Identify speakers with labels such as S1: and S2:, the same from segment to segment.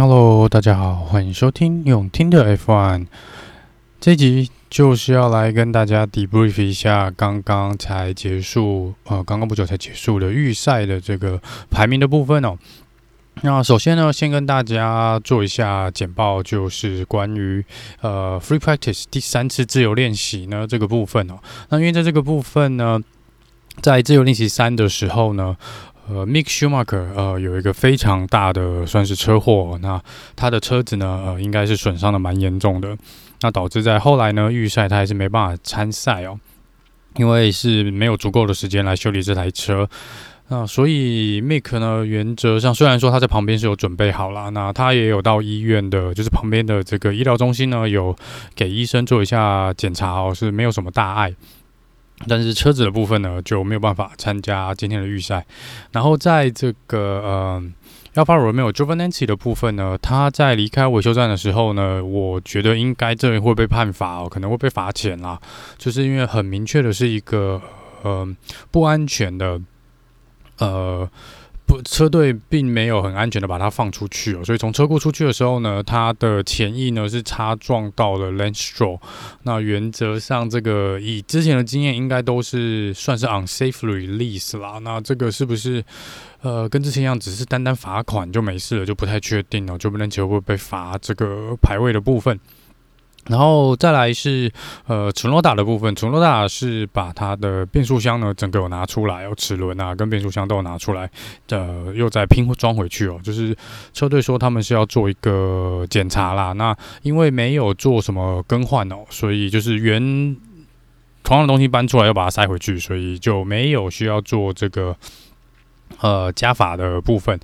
S1: Hello，大家好，歡迎收聽用聽的 F1。這集就是要來跟大家 debrief 一下剛剛才結束，呃，剛剛不久才結束的預賽的這個排名的部分哦。那首先呢，先跟大家做一下簡報，就是關於呃 free practice 第三次自由練習呢這個部分哦。那因為在這個部分呢，在自由練習三的時候呢。呃，Mick Schumacher 呃有一個非常大的算是車禍哦，那他的車子呢，呃應該是損傷的蠻嚴重的，那導致在後來呢，預賽他還是沒辦法參賽哦，因為是沒有足夠的時間來修理這台車，那所以 Mick 呢，原則上雖然說他在旁邊是有準備好了，那他也有到醫院的，就是旁邊的這個醫療中心呢，有給醫生做一下檢查哦，是沒有什麼大礙。但是車子的部分呢，就沒有辦法參加今天的預賽。然後在這個呃，阿爾法羅密歐 Giovinazzi 的部分呢，他在離開維修站的時候呢，我覺得應該這邊會被判罰，哦，可能會被罰錢啦，就是因為很明確的是一個嗯、呃、不安全的呃。不，車隊並沒有很安全的把它放出去哦、喔，所以從車庫出去的時候呢，它的前翼呢是插撞到了 Lance Stroll，那原則上，這個以之前的經驗，應該都是算是 unsafe release 啦。那這個是不是呃跟之前一樣，只是單單罰款就沒事了？就不太確定哦，就不能起會不會被罰這個排位的部分？然後再來是呃 Tsunoda 的部分，Tsunoda 是把它的變速箱呢整個有拿出來，有齒輪啊跟變速箱都有拿出來，呃又再拼裝回去哦，就是車隊說他們是要做一個檢查啦。嗯、那因為沒有做什麼更換哦，所以就是原同樣的東西搬出來又把它塞回去，所以就沒有需要做這個。呃，加罰的部分。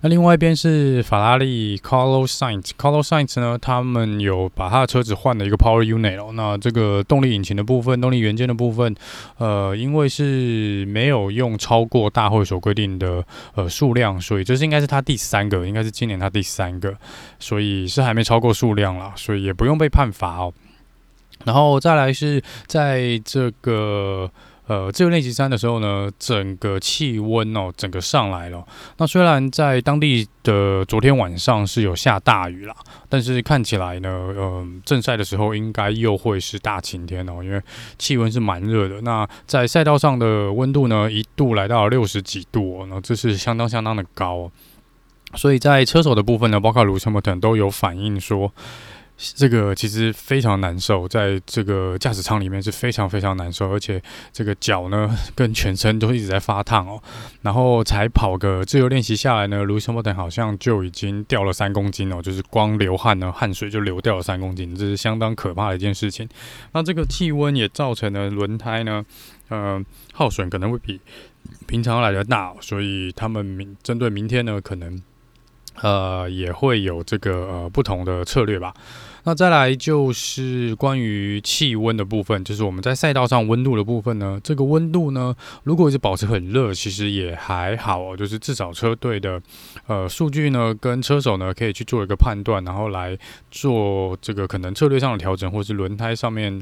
S1: 那另外一邊是法拉利 Carlos Sainz，Carlos Sainz 呢，他們有把他的車子換了一個 Power Unit 哦，那這個動力引擎的部分，動力元件的部分，呃，因為是沒有用超過大會所規定的呃數量，所以這是應該是他第三個，應該是今年他第三個，所以是還沒超過數量了，所以也不用被判罰哦。然後再來是在這個。呃，自由練習三的時候呢，整個氣溫哦，整個上來了，喔。那雖然在當地的昨天晚上是有下大雨啦，但是看起來呢，呃，正賽的時候應該又會是大晴天哦，喔，因為氣溫是蠻熱的。那在賽道上的溫度呢，一度來到了六十幾度，喔，那這是相當相當的高，喔。所以在車手的部分呢，包括盧森伯等都有反映說。這個其實非常難受，在這個駕駛艙裡面是非常非常難受，而且這個腳呢，跟全身都一直在發燙哦。然後才跑個自由練習下來呢，Lewis Hamilton 好像就已經掉了三公斤哦，就是光流汗呢，汗水就流掉了三公斤，這是相當可怕的一件事情。那這個氣溫也造成了輪胎呢，呃，耗損可能會比平常來得大、哦，所以他們明針對明天呢，可能呃也會有這個呃不同的策略吧。那再來就是關於氣溫的部分，就是我們在賽道上溫度的部分呢。這個溫度呢，如果一直保持很熱，其實也還好，就是至少車隊的呃數據呢，跟車手呢可以去做一個判斷，然後來做這個可能策略上的調整，或是輪胎上面。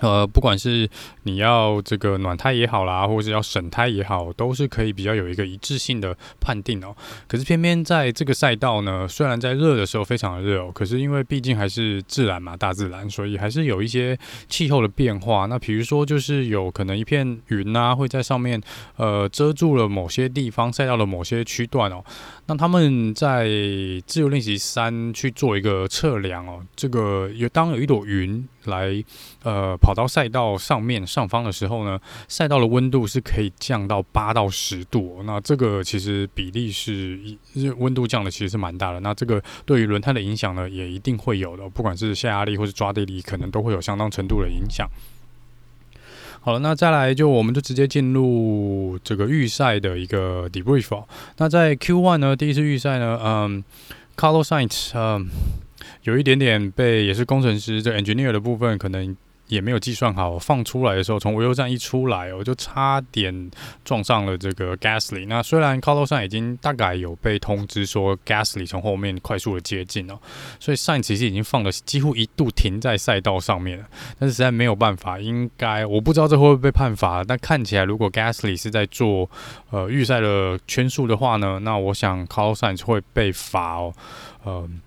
S1: 呃，不管是你要這個暖胎也好啦，或者是要省胎也好，都是可以比較有一個一致性的判定喔。可是偏偏在這個賽道呢，雖然在熱的時候非常的熱喔，可是因為畢竟還是自然嘛，大自然，所以還是有一些氣候的變化。那比如說，就是有可能一片雲啊，會在上面呃遮住了某些地方賽道的某些區段喔。那他們在自由練習三去做一個測量喔，這個有當有一朵雲。來，呃，跑到賽道上面上方的時候呢，賽道的溫度是可以降到八到十度哦。那這個其實比例是，溫度降的，其實是蠻大的。那這個對於輪胎的影響呢，也一定會有的哦，不管是下壓力或是抓地力，可能都會有相當程度的影響。好了，那再來就我們就直接進入這個預賽的一個 debrief 哦。那在 Q One 呢，第一次預賽呢，嗯，Carlos Sainz 嗯。有一點點被也是工程師這 engineer 的部分可能也沒有計算好，放出來的時候，從維修站一出來我、喔、就差點撞上了這個 Gasly。那雖然 Carlos Sainz 已經大概有被通知說 Gasly 從後面快速的接近哦、喔，所以 Sainz 其實已經放了幾乎一度停在賽道上面了，但是實在沒有辦法，應該我不知道這會不會被判罰。但看起來如果 Gasly 是在做呃預賽的圈數的話呢，那我想 Carlos Sainz 會被罰哦，嗯。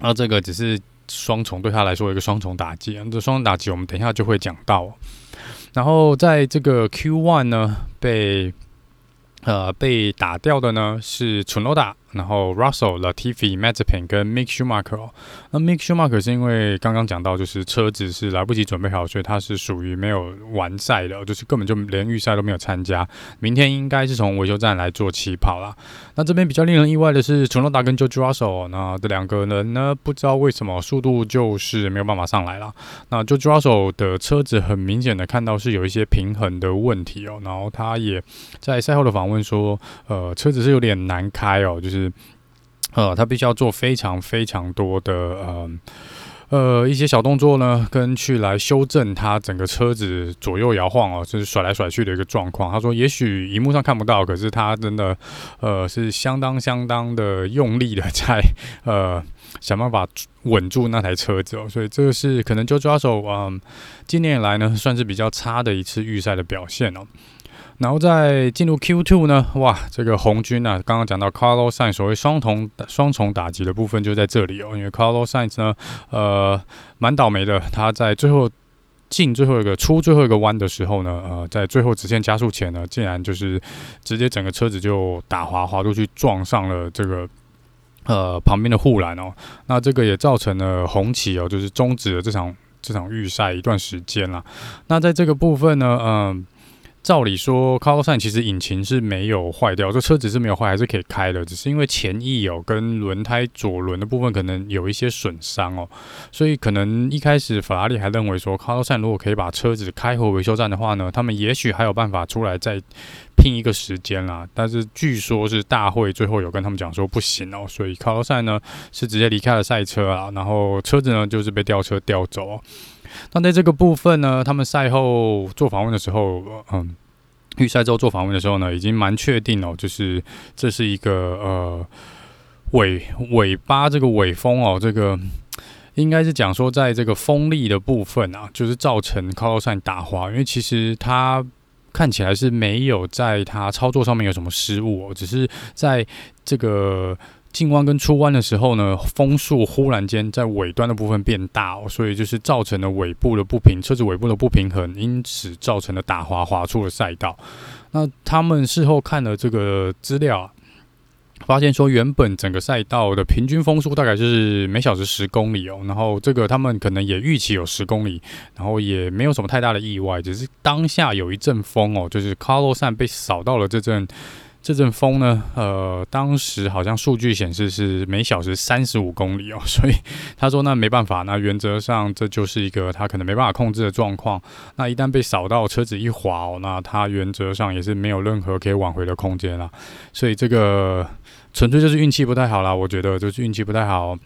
S1: 然後、啊、這個只是雙重對他來說一個雙重打擊，這雙重打擊我們等一下就會講到。然後在這個 Q1 呢，被呃被打掉的呢是 Tsunoda。然後 Russell、Latifi、Mazepin 跟 Mick Schumacher，哦。那 Mick Schumacher 是因為剛剛講到，就是車子是來不及準備好，所以他是屬於沒有完賽的，就是根本就連預賽都沒有參加。明天應該是從維修站來做起跑啦。那這邊比較令人意外的是，Tsunoda 跟 George Russell，哦。那這兩個人呢，不知道為什麼速度就是沒有辦法上來了。那 George Russell 的車子很明顯的看到是有一些平衡的問題哦，然後他也在賽後的訪問說，呃，車子是有點難開哦，就是。是，呃，他必須要做非常非常多的，呃，呃，一些小動作呢，跟去來修正他整個車子左右搖晃哦，就是甩來甩去的一個狀況。他說，也許熒幕上看不到，可是他真的，呃，是相當相當的用力的在，呃，想辦法穩住那台車子哦。所以，這個是可能就抓手，嗯、呃，今年以來呢，算是比較差的一次預賽的表現哦。然後在進入 Q2 呢，哇，這個紅軍啊，剛剛講到 Carlos Sainz 所謂雙重雙重打擊的部分就在這裡哦、喔，因為 Carlos Sainz 呢，呃，蠻倒霉的，他在最後進最後一個出最後一個彎的時候呢，呃，在最後直線加速前呢，竟然就是直接整個車子就打滑滑出去撞上了這個呃旁邊的護欄哦，那這個也造成了紅旗哦、喔，就是終止了這場這場預賽一段時間啦。那在這個部分呢，嗯。照理說，卡洛賽其實引擎是沒有壞掉，這車子是沒有壞，還是可以開的。只是因為前翼有跟輪胎左輪的部分可能有一些損傷哦，所以可能一開始法拉利還認為說，卡洛賽如果可以把車子開回維修站的話呢，他們也許還有辦法出來再拼一個時間啦。但是據說是大會最後有跟他們講說不行哦，所以卡洛 n 呢是直接離開了賽車啊，然後車子呢就是被吊車吊走。但在這個部分呢，他們賽後做訪問的時候，嗯，預賽之後做訪問的時候呢，已經蠻確定哦，就是這是一個呃尾尾巴這個尾風哦，這個應該是講說在這個風力的部分啊，就是造成靠 a 打滑，因為其實它看起來是沒有在它操作上面有什麼失誤哦，只是在這個。進彎跟出彎的時候呢，風速忽然間在尾端的部分變大哦，所以就是造成了尾部的不平，車子尾部的不平衡，因此造成了打滑，滑出了賽道。那他們事後看了這個資料啊，發現說原本整個賽道的平均風速大概就是每小時十公里哦，然後這個他們可能也預期有十公里，然後也沒有什麼太大的意外，只是當下有一陣風哦，就是 Carlos Sainz 被掃到了這陣。這陣風呢，呃，當時好像數據顯示是每小時三十五公里哦，所以他說那沒辦法，那原則上這就是一個他可能沒辦法控制的狀況。那一旦被掃到，車子一滑哦，那他原則上也是沒有任何可以挽回的空間了啊。所以這個純粹就是運氣不太好啦，我覺得就是運氣不太好。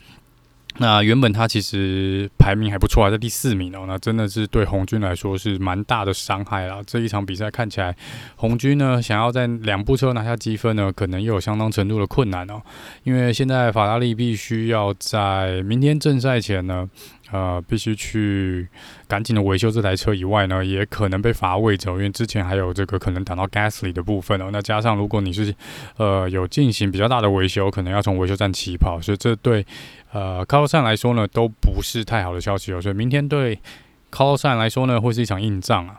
S1: 那原本他其實排名還不錯啊，在第四名哦、喔，那真的是對紅軍來說是蠻大的傷害啦。這一場比賽看起來，紅軍呢想要在兩部車拿下積分呢，可能又有相當程度的困難哦、喔，因為現在法拉利必須要在明天正賽前呢。呃，必須去趕緊的維修這台車以外呢，也可能被罰位走哦，因為之前還有這個可能擋到 gas 裡的部分哦。那加上如果你是呃有進行比較大的維修，可能要從維修站起跑，所以這對呃 Carlos 來說呢都不是太好的消息哦。所以明天對 Carlos 來說呢會是一場硬仗啊。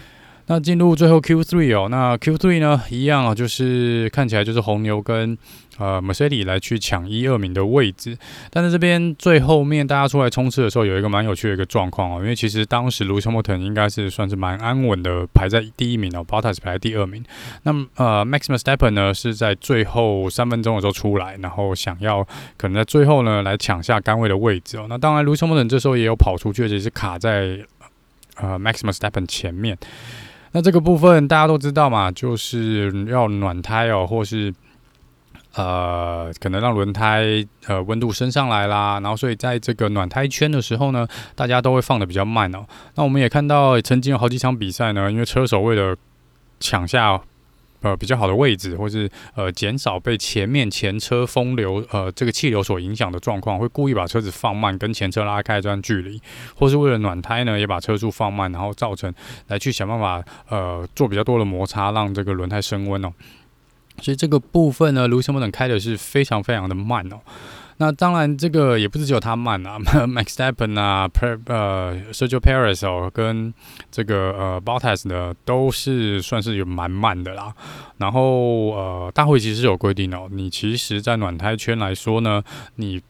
S1: 那進入最後 Q3 哦、喔，那 Q3 呢，一樣啊、喔，就是看起來就是紅牛跟呃 Mercedes 來去搶一二名的位置。但是這邊最後面大家出來衝刺的時候，有一個蠻有趣的一個狀況哦，因為其實當時 Lewis Hamilton 應該是算是蠻安穩的排在第一名哦 Bottas 排在第二名、喔。嗯、那呃，Max Verstappen 呢是在最後三分鐘的時候出來，然後想要可能在最後呢來搶下桿位的位置哦、喔。那當然 Lewis Hamilton 這時候也有跑出去，只是卡在呃 Max Verstappen 前面。那這個部分大家都知道嘛，就是要暖胎哦，或是呃，可能讓輪胎呃溫度升上來啦。然後，所以在這個暖胎圈的時候呢，大家都會放得比較慢哦。那我們也看到，曾經有好幾場比賽呢，因為車手為了搶下哦。呃，比較好的位置，或是呃，減少被前面前車風流呃這個氣流所影響的狀況，會故意把車子放慢，跟前車拉開一段距離，或是為了暖胎呢，也把車速放慢，然後造成來去想辦法呃做比較多的摩擦，讓這個輪胎升溫哦。所以這個部分呢，盧森堡開的是非常非常的慢哦。那當然，這個也不是只有他慢啊 ，Max Verstappen 啊，Per 呃，Sergio Perez 哦，跟這個呃 Bottas 呢，都是算是有蠻慢的啦。然後呃，大會其實有規定哦，你其實，在暖胎圈來說呢，你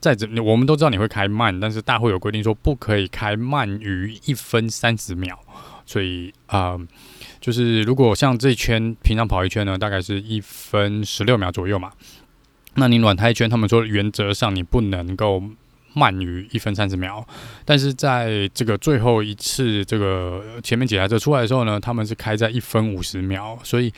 S1: 在這，我們都知道你會開慢，但是大會有規定說不可以開慢於一分三十秒。所以啊、呃，就是如果像這一圈，平常跑一圈呢，大概是一分十六秒左右嘛。那你暖胎圈，他們說原則上你不能夠慢於一分三十秒，但是在這個最後一次這個前面幾台車出來的時候呢，他們是開在一分五十秒，所以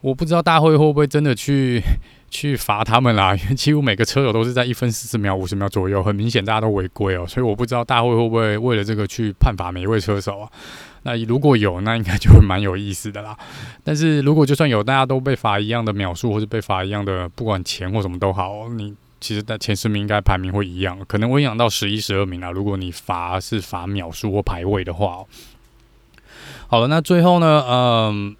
S1: 我不知道大會會不會真的去去罰他們啦？因為幾乎每個車手都是在一分四十秒、五十秒左右，很明顯大家都違規哦，所以我不知道大會會不會為了這個去判罰每一位車手啊？那如果有，那應該就會蠻有意思的啦。但是如果就算有，大家都被罰一樣的秒數，或者被罰一樣的，不管錢或什麼都好，你其實在前十名應該排名會一樣，可能會影響到十一、十二名啦。如果你罰是罰秒數或排位的話，好了，那最後呢，嗯、呃，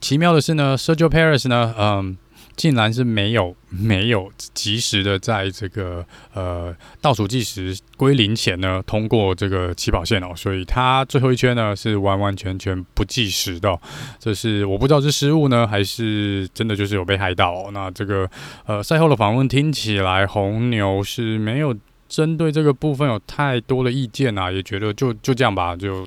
S1: 奇妙的是呢，Sergio Perez 呢，嗯、呃。竟然是沒有沒有及時的在這個呃倒數計時歸零前呢，通過這個起跑線哦，所以他最後一圈呢是完完全全不計時的，哦，這是我不知道是失誤呢，還是真的就是有被害到，哦。那這個呃賽後的訪問聽起來紅牛是沒有針對這個部分有太多的意見吶，啊，也覺得就就這樣吧就。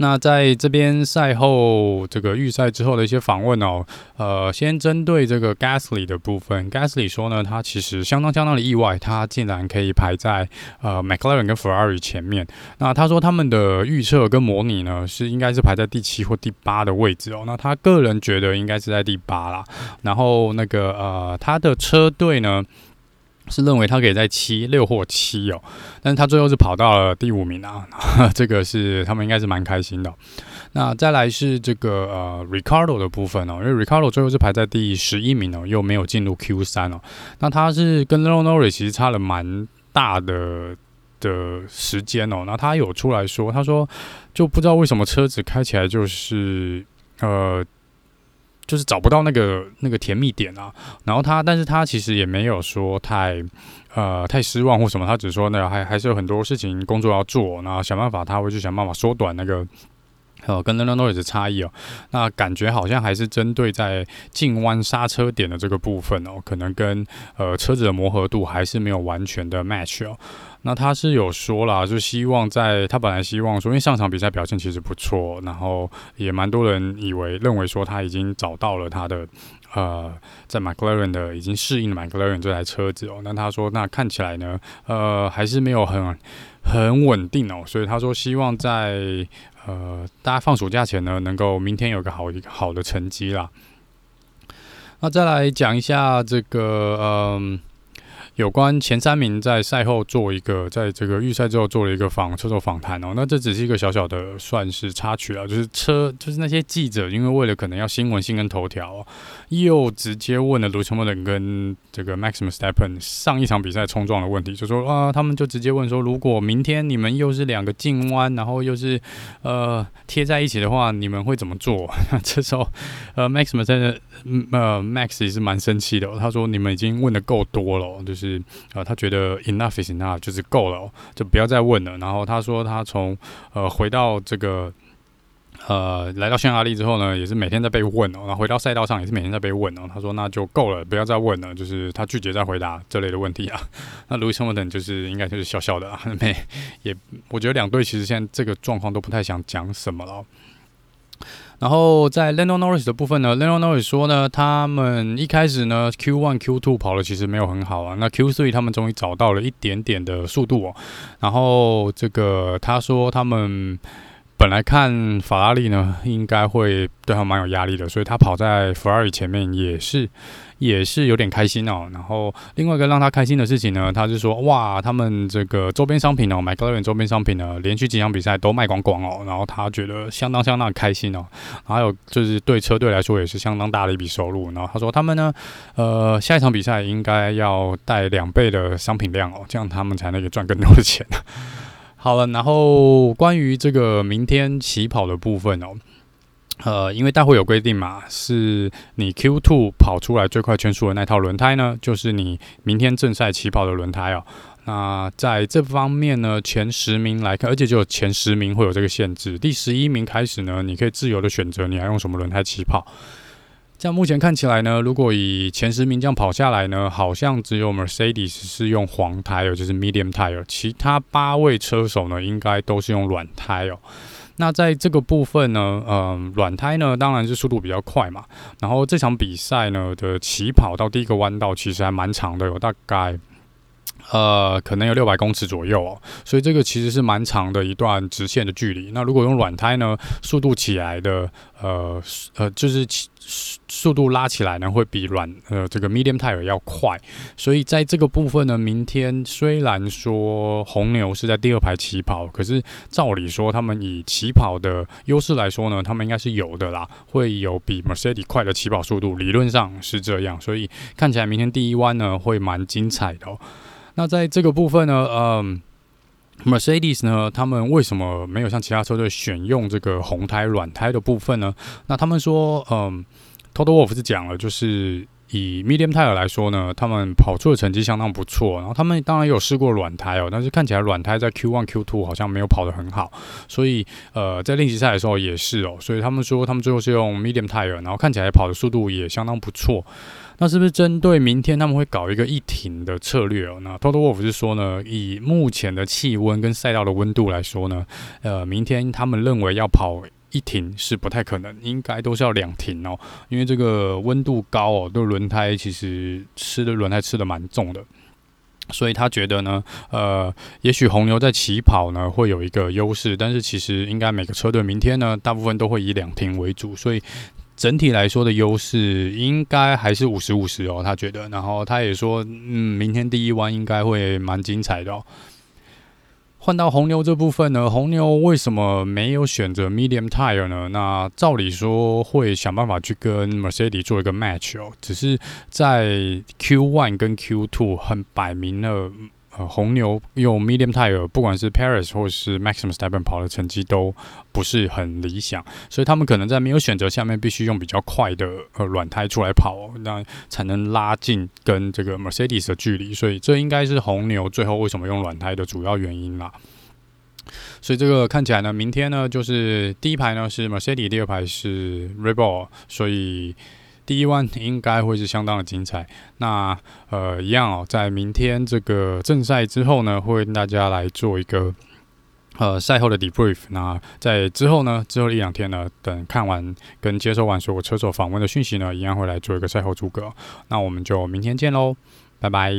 S1: 那在這邊賽後這個預賽之後的一些訪問哦，呃，先針對這個 Gasly 的部分，Gasly 說呢，他其實相當相當的意外，他竟然可以排在呃 McLaren 跟 Ferrari 前面。那他說他們的預測跟模擬呢是應該是排在第七或第八的位置哦。那他個人覺得應該是在第八啦。然後那個呃，他的車隊呢，是認為他可以在七六或七哦，但是他最後是跑到了第五名啊，這個是他們應該是蠻開心的。那再來是這個呃 Ricardo 的部分哦，因為 Ricardo 最後是排在第十一名哦，又沒有進入 Q 三哦，那他是跟 Lando Norris 其實差了蠻大的的時間哦，那他有出來說，他說就不知道為什麼車子開起來就是呃。就是找不到那個那個甜蜜點啊，然後他，但是他其實也沒有說太，呃，太失望或什麼，他只說呢，還還是有很多事情工作要做，然後想辦法，他會去想辦法縮短那個，呃、哦，跟 Norris 的差異啊、哦，那感覺好像還是針對在進彎剎車點的這個部分哦，可能跟呃車子的磨合度還是沒有完全的 match 哦。那他是有說了，就希望在他本來希望說，因為上場比賽表現其實不錯，然後也蠻多人以為認為說他已經找到了他的，呃，在 McLaren 的已經適應了 McLaren 這台車子哦。那他說，那看起來呢，呃，還是沒有很很穩定哦、喔。所以他說希望在呃大家放暑假前呢，能夠明天有個好一個好的成績啦。那再來講一下這個，嗯。有關前三名在賽後做一個，在這個預賽之後做了一個訪車手訪談哦，那這只是一個小小的算是插曲啊，就是車就是那些記者，因為為了可能要新聞性跟頭條、哦，又直接問了 Lewis Hamilton 跟這個 Max Verstappen 上一場比賽衝撞的問題，就說啊、呃，他們就直接問說，如果明天你們又是兩個進彎，然後又是呃貼在一起的話，你們會怎麼做？ 這時候，呃，Max Verstappen 在那，in, 呃，Max 也是蠻生氣的、哦，他說你們已經問得夠多了，就是。呃，他覺得 enough is enough 就是夠了、喔，就不要再問了。然後他說他從呃回到這個呃來到匈牙利之後呢，也是每天在被問哦、喔，然後回到賽道上也是每天在被問哦、喔。他說那就夠了，不要再問了，就是他拒絕再回答這類的問題啊。那 Lewis Hamilton 就是應該就是笑笑的，沒也我覺得兩隊其實現在這個狀況都不太想講什麼了、喔。然後在 Lando Norris 的部分呢 Lando Norris 說呢，他們一開始呢 Q One、Q Two 跑了其實沒有很好啊，那 Q Three 他們終於找到了一點點的速度哦。然後這個他說他們本來看法拉利呢應該會對他蠻有壓力的，所以他跑在法拉利前面也是。也是有點開心哦、喔。然後另外一個讓他開心的事情呢，他是說哇，他們這個周邊商品哦，McLaren 周邊商品呢，連續幾場比賽都賣光光哦。然後他覺得相當相當的開心哦、喔。還有就是對車隊來說也是相當大的一筆收入。然後他說他們呢，呃，下一場比賽應該要帶兩倍的商品量哦、喔，這樣他們才能夠賺更多的錢。好了，然後關於這個明天起跑的部分哦、喔。呃，因為大會有規定嘛，是你 Q Two 跑出來最快圈速的那套輪胎呢，就是你明天正賽起跑的輪胎哦、喔。那在這方面呢，前十名來看，而且只有前十名會有這個限制，第十一名開始呢，你可以自由的選擇你要用什麼輪胎起跑。在目前看起來呢，如果以前十名這樣跑下來呢，好像只有 Mercedes 是用黃胎哦，就是 Medium 胎哦，其他八位車手呢，應該都是用軟胎哦、喔。那在這個部分呢，嗯、呃，軟胎呢，當然是速度比較快嘛。然後這場比賽呢的起跑到第一個彎道其實還蠻長的，有大概。呃，可能有六百公尺左右哦。所以這個其實是蠻長的一段直線的距離。那如果用軟胎呢，速度起來的，呃呃，就是起速度拉起來呢，會比軟呃這個 medium tire 要快。所以在這個部分呢，明天雖然說紅牛是在第二排起跑，可是照理說他們以起跑的優勢來說呢，他們應該是有的啦，會有比 Mercedes 快的起跑速度，理論上是這樣。所以看起來明天第一彎呢會蠻精彩的哦。那在這個部分呢，嗯，Mercedes 呢，他們為什麼沒有像其他車隊選用這個紅胎軟胎的部分呢？那他們說，嗯，Toto Wolff 是講了，就是。以 Medium Tire 來說呢，他們跑出的成績相當不錯。然後他們當然也有試過軟胎哦、喔，但是看起來軟胎在 Q One、Q Two 好像沒有跑得很好。所以呃，在練習賽的時候也是哦、喔。所以他們說他們最後是用 Medium Tire，然後看起來跑的速度也相當不錯。那是不是針對明天他們會搞一個一停的策略哦、喔？那 Toto Wolff 是說呢，以目前的氣溫跟賽道的溫度來說呢，呃，明天他們認為要跑。一停是不太可能，應該都是要兩停哦，因為這個溫度高哦，對輪胎其實吃的輪胎吃的蠻重的，所以他覺得呢，呃，也許紅牛在起跑呢會有一個優勢，但是其實應該每個車隊明天呢大部分都會以兩停為主，所以整體來說的優勢應該還是五十五十哦，他覺得，然後他也說，嗯，明天第一彎應該會蠻精彩的哦。換到紅牛這部分呢？紅牛為什麼沒有選擇 Medium Tire 呢？那照理說會想辦法去跟 Mercedes 做一個 match 哦，只是在 Q One 跟 Q Two 很擺明了。呃、紅牛用 medium tire，不管是 Paris 或是 Max Verstappen 跑的成績都不是很理想，所以他們可能在沒有選擇下面必須用比較快的呃軟胎出來跑，哦，那才能拉近跟這個 Mercedes 的距離，所以這應該是紅牛最後為什麼用軟胎的主要原因啦。所以這個看起來呢，明天呢就是第一排呢是 Mercedes，第二排是 Red Bull，所以。第一彎應該會是相當的精彩那。那呃，一樣哦，喔，在明天這個正賽之後呢，會跟大家來做一個呃賽後的 debrief。那在之後呢，之後一兩天呢，等看完跟接收完所有車手訪問的訊息呢，一樣會來做一個賽後諸葛。那我們就明天見嘍，拜拜。